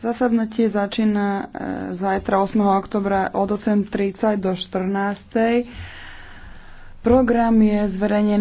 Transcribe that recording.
Zasadnutie začína e, zajtra 8. oktobra od 8.30 do 14.00. Program je zverejnený